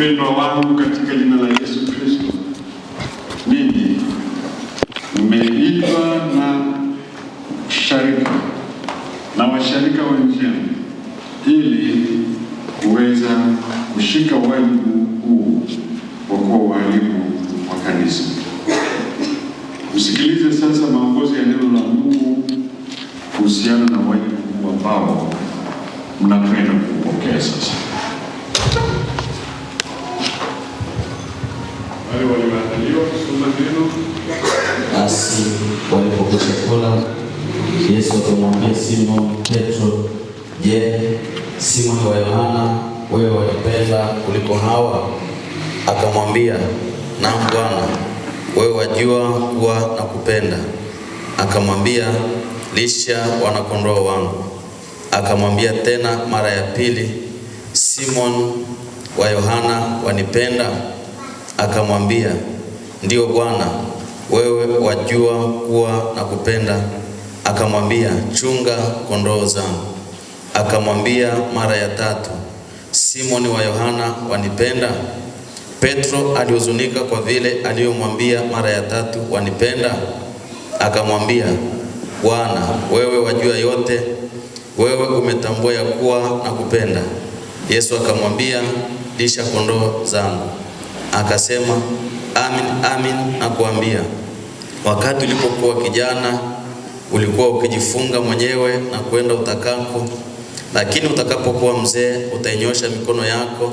Wapendwa wangu katika jina la Yesu Kristo, mimi nimeitwa na sharika na washarika wa ili kuweza kushika wajibu huu wa kuwa walimu wa kanisa. Msikilize sasa maongozi ya neno la Mungu kuhusiana na wajibu huu ambao mnakwenda kuupokea sasa. Basi walipokwisha kula, Yesu akamwambia simon Petro, Je, Simoni wa Yohana, wewe wanipenda kuliko hawa? Akamwambia, naam Bwana, wewe wajua kuwa nakupenda. Akamwambia, lisha wanakondoo wangu. Akamwambia tena mara ya pili, Simoni wa Yohana, wanipenda? Akamwambia, ndiyo Bwana, wewe wajua kuwa na kupenda Akamwambia, chunga kondoo zangu. Akamwambia mara ya tatu, Simoni wa Yohana wanipenda? Petro alihuzunika kwa vile aliyomwambia mara ya tatu, wanipenda? Akamwambia, Bwana, wewe wajua yote, wewe umetambua ya kuwa kupenda Yesu akamwambia, lisha kondoo zangu akasema amin, amin nakuambia, wakati ulipokuwa kijana ulikuwa ukijifunga mwenyewe na kwenda utakako, lakini utakapokuwa mzee utainyosha mikono yako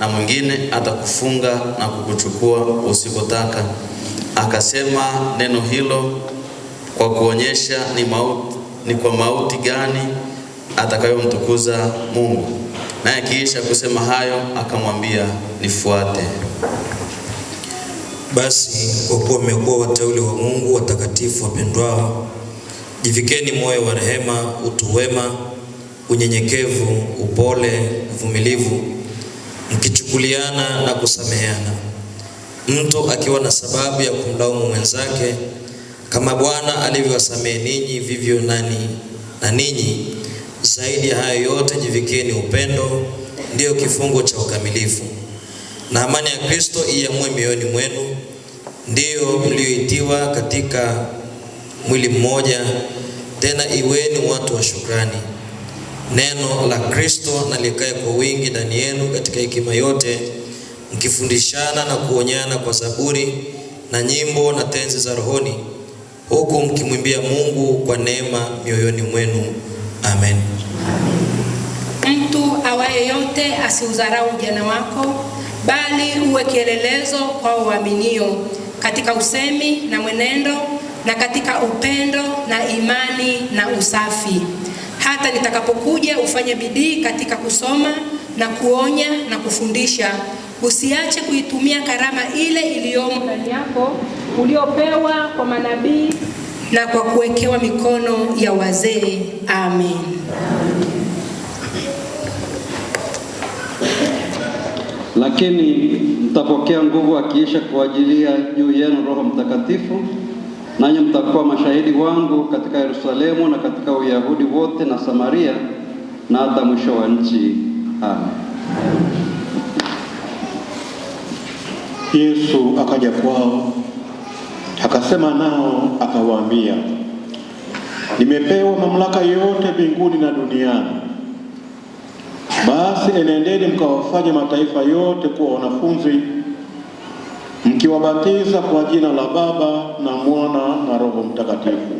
na mwingine atakufunga na kukuchukua usikotaka. Akasema neno hilo kwa kuonyesha ni mauti, ni kwa mauti gani atakayomtukuza Mungu. Naye akiisha kusema hayo akamwambia, nifuate. Basi kwa kuwa mmekuwa wateule wa Mungu watakatifu wapendwao, jivikeni moyo wa rehema, utu wema, unyenyekevu, upole, uvumilivu, mkichukuliana na kusameheana, mtu akiwa na sababu ya kumlaumu mwenzake, kama Bwana alivyowasamehe ninyi, vivyo nani na ninyi zaidi ya hayo yote, jivikeni upendo, ndiyo kifungo cha ukamilifu, na amani ya Kristo iamue mioyoni mwenu, ndiyo mlioitiwa katika mwili mmoja. Tena iweni watu wa shukrani. Neno la Kristo na likae kwa wingi ndani yenu katika hekima yote, mkifundishana na kuonyana kwa zaburi na nyimbo na tenzi za rohoni, huku mkimwimbia Mungu kwa neema mioyoni mwenu. Amen. Mtu awaye yote asiudharau ujana wako, bali uwe kielelezo kwa uaminio katika usemi na mwenendo na katika upendo na imani na usafi. Hata nitakapokuja ufanye bidii katika kusoma na kuonya na kufundisha. Usiache kuitumia karama ile iliyomo ndani yako uliopewa kwa manabii na kwa kuwekewa mikono ya wazee. Amen. Lakini mtapokea nguvu akiisha kuajilia juu yenu Roho Mtakatifu, nanyi mtakuwa mashahidi wangu katika Yerusalemu na katika Uyahudi wote na Samaria na hata mwisho wa nchi. Amen. Yesu akaja kwao Akasema nao akawaambia, nimepewa mamlaka yote mbinguni na duniani. Basi enendeni mkawafanya mataifa yote kuwa wanafunzi, mkiwabatiza kwa jina la Baba na Mwana na Roho Mtakatifu,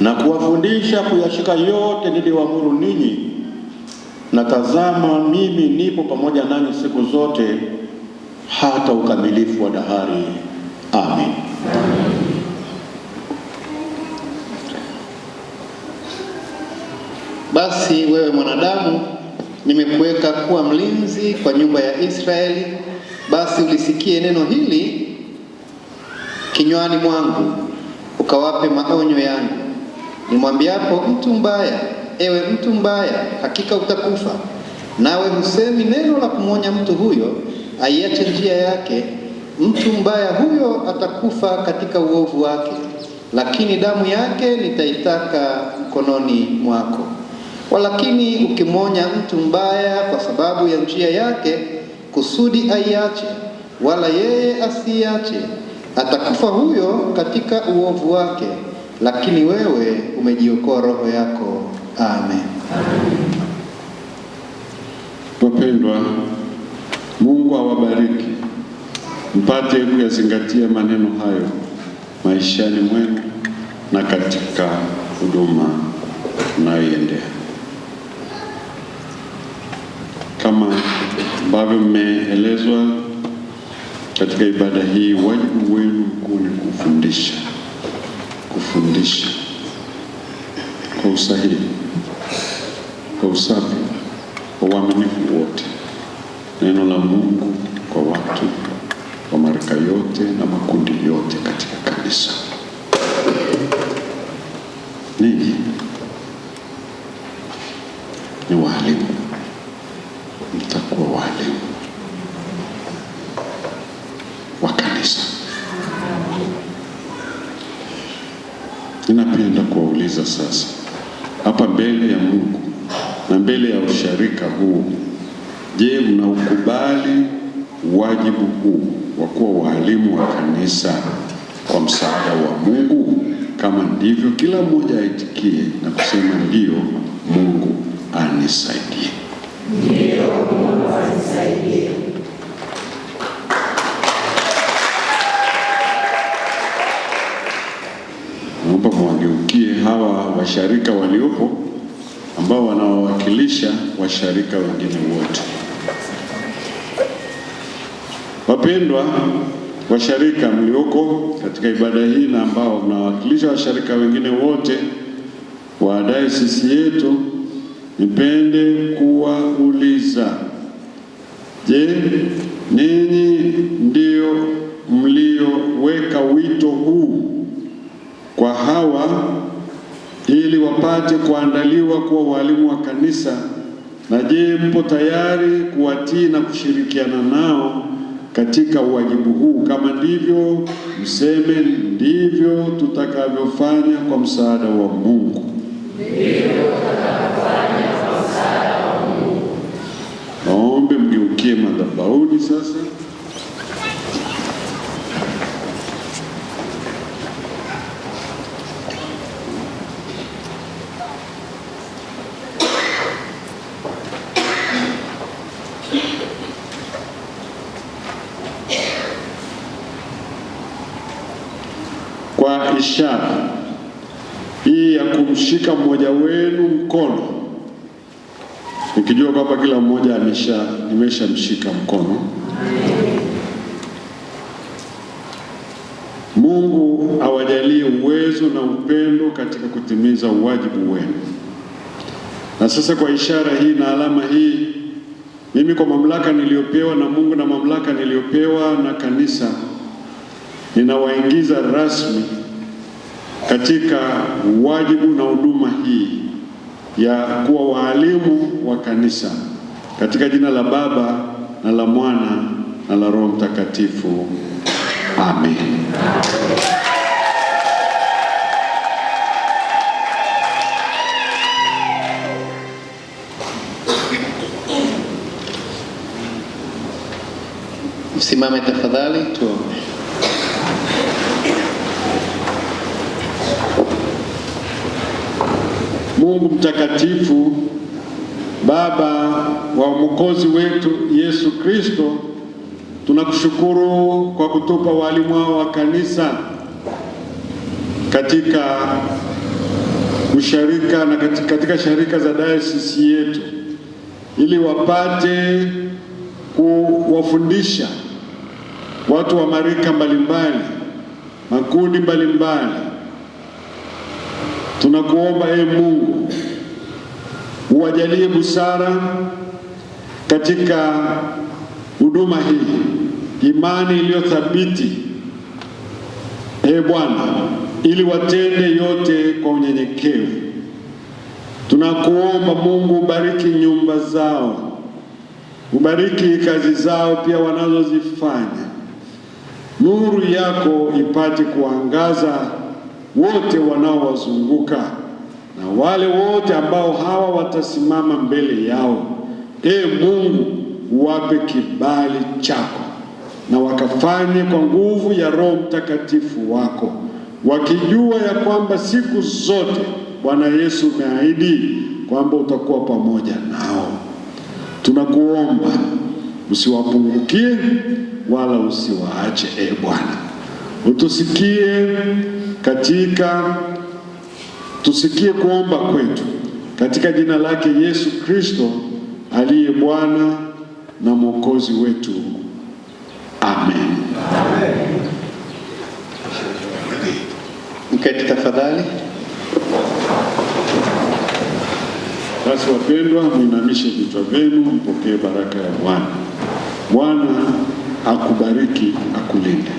na kuwafundisha kuyashika yote niliyoamuru ninyi, na tazama, mimi nipo pamoja nanyi siku zote hata ukamilifu wa dahari. Amen. Basi wewe mwanadamu, nimekuweka kuwa mlinzi kwa nyumba ya Israeli, basi ulisikie neno hili kinywani mwangu, ukawape maonyo yangu. Nimwambiapo mtu mbaya, ewe mtu mbaya, hakika utakufa, nawe husemi neno la kumwonya mtu huyo aiache njia yake Mtu mbaya huyo atakufa katika uovu wake, lakini damu yake nitaitaka mkononi mwako. Walakini ukimwonya mtu mbaya kwa sababu ya njia yake, kusudi aiache, wala yeye asiache, atakufa huyo katika uovu wake, lakini wewe umejiokoa roho yako. Amen. Wapendwa, Mungu awabariki mpate kuyazingatia maneno hayo maishani mwenu na katika huduma mnayoiendea. Kama ambavyo mmeelezwa katika ibada hii, wajibu wenu mkuu ni kufundisha, kufundisha kwa usahihi, kwa usafi, kwa uaminifu wote neno la Mungu kwa watu wa marika yote na makundi yote katika kanisa. Ninyi ni walimu, mtakuwa walimu wa kanisa. Ninapenda kuwauliza sasa hapa mbele ya Mungu na mbele ya usharika huu, je, mnaukubali wajibu huu? wa kuwa waalimu wa kanisa kwa msaada wa Mungu? Kama ndivyo, kila mmoja aitikie na kusema ndiyo, Mungu anisaidie. Ndio, Mungu anisaidie. Naomba mwageukie hawa washarika waliopo ambao wanawawakilisha washarika wengine wote. Wapendwa washarika mlioko katika ibada hii na ambao mnawakilisha washarika wengine wote wa dayosisi yetu, nipende kuwauliza, je, ninyi ndio mlioweka wito huu kwa hawa ili wapate kuandaliwa kuwa walimu wa kanisa? Na je, mpo tayari kuwatii na kushirikiana nao katika uwajibu huu. Kama ndivyo, mseme ndivyo tutakavyofanya kwa msaada wa Mungu. Naombe mgeukie madhabahuni sasa. ishara hii ya kumshika mmoja wenu mkono, nikijua kwamba kila mmoja amesha nimeshamshika mkono. Mungu awajalie uwezo na upendo katika kutimiza uwajibu wenu. Na sasa kwa ishara hii na alama hii, mimi kwa mamlaka niliyopewa na Mungu na mamlaka niliyopewa na kanisa, ninawaingiza rasmi katika wajibu na huduma hii ya kuwa waalimu wa kanisa katika jina la Baba na la Mwana na la Roho Mtakatifu. Amen. Msimame tafadhali tuombe. Mungu mtakatifu Baba wa mwokozi wetu Yesu Kristo, tunakushukuru kwa kutupa walimu hao wa kanisa katika usharika na katika sharika za dayosisi yetu ili wapate kuwafundisha watu wa marika mbalimbali, makundi mbalimbali Tunakuomba e Mungu uwajalie busara katika huduma hii, imani iliyothabiti e ee Bwana, ili watende yote kwa unyenyekevu. Tunakuomba Mungu ubariki nyumba zao, ubariki kazi zao pia wanazozifanya, nuru yako ipate kuangaza wote wanaowazunguka na wale wote ambao hawa watasimama mbele yao. Ee Mungu, uwape kibali chako na wakafanye kwa nguvu ya Roho Mtakatifu wako, wakijua ya kwamba siku zote Bwana Yesu umeahidi kwamba utakuwa pamoja nao. Tunakuomba usiwapungukie wala usiwaache. e Bwana, utusikie katika tusikie kuomba kwetu katika jina lake Yesu Kristo aliye Bwana na Mwokozi wetu. Amen. Mketi tafadhali. Basi wapendwa, mwinamishe vichwa vyenu, mpokee baraka ya Bwana. Bwana akubariki, akulinde.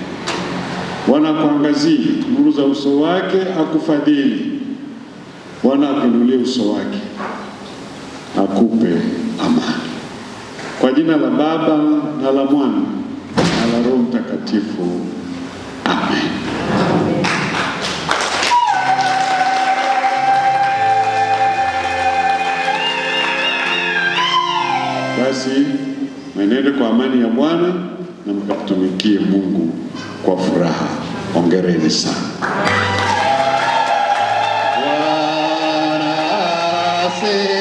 Bwana akuangazie nuru za uso wake, akufadhili. Bwana akuinulie uso wake, akupe amani. Kwa jina la Baba na la Mwana na la Roho Mtakatifu, amen. Basi mwenende kwa amani ya Bwana na mkamtumikie Mungu kwa furaha. Hongereni sana. Bwana